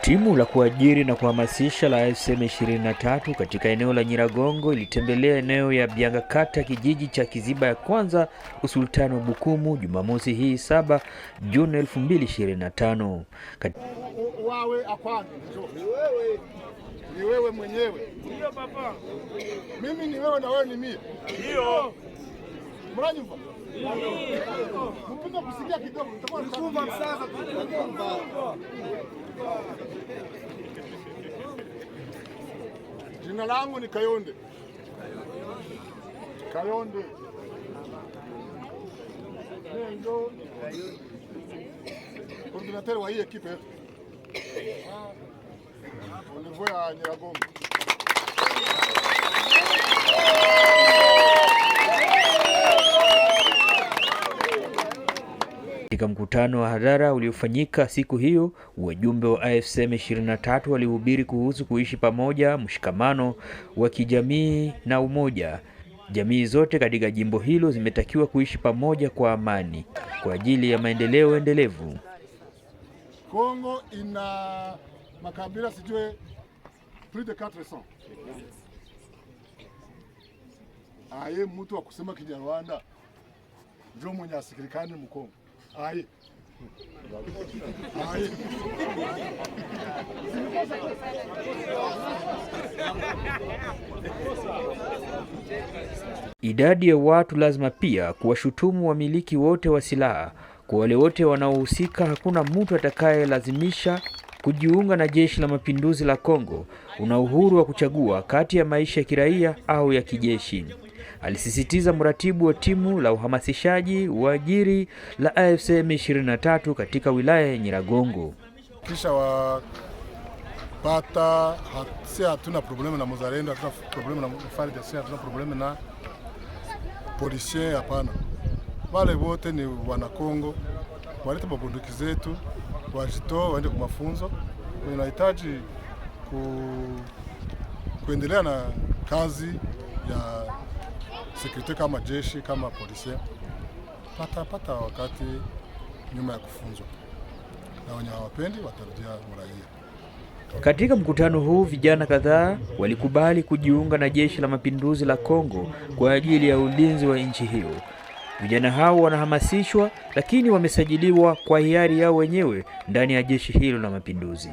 Timu la kuajiri na kuhamasisha la AFSM 23 katika eneo la Nyiragongo ilitembelea eneo ya Byangakata kijiji cha Kiziba ya kwanza usultani wa Bukumu Jumamosi hii 7 Juni 2025. Kat ni wewe mwenyewe. Ndio papa, mimi ni wewe na wewe ni mimi. Ndio mranyumva mpinga kusikia kidogo, nitakuwa msaza Jina langu ni Kayonde Kayonde ndio koordinateur wa hii ekipe Mvua Nyiragongo. Katika mkutano wa hadhara uliofanyika siku hiyo, wajumbe wa AFC M23 walihubiri kuhusu kuishi pamoja, mshikamano wa kijamii na umoja. Jamii zote katika jimbo hilo zimetakiwa kuishi pamoja kwa amani kwa ajili ya maendeleo endelevu. Kongo ina Makabila situé plus de 400. Aye mtu wa kusema Kinyarwanda ndio mwenye asikilikani Mkongo. Aye. Idadi ya watu lazima pia kuwashutumu wamiliki wote wa silaha. Kwa wale wote wanaohusika, hakuna mtu atakayelazimisha kujiunga na Jeshi la Mapinduzi la Kongo, una uhuru wa kuchagua kati ya maisha ya kiraia au ya kijeshi, alisisitiza mratibu wa timu la uhamasishaji wa ajiri la AFC M23 katika wilaya ya Nyiragongo. Kisha wapata si hatuna problemu na muzalendo, hatuna problemu na FARDC, hatuna problemu na polisie hapana. Wale wote ni wana Kongo walete mabunduki zetu, wajitoa waende kwa mafunzo. Inahitaji ku, kuendelea na kazi ya sekurite kama jeshi kama polisi, pata pata wakati nyuma ya kufunzwa, na wenye hawapendi watarudia uraia. Katika mkutano huu vijana kadhaa walikubali kujiunga na Jeshi la Mapinduzi la Kongo kwa ajili ya ulinzi wa nchi hiyo. Vijana hao wanahamasishwa, lakini wamesajiliwa kwa hiari yao wenyewe ndani ya jeshi hilo la mapinduzi.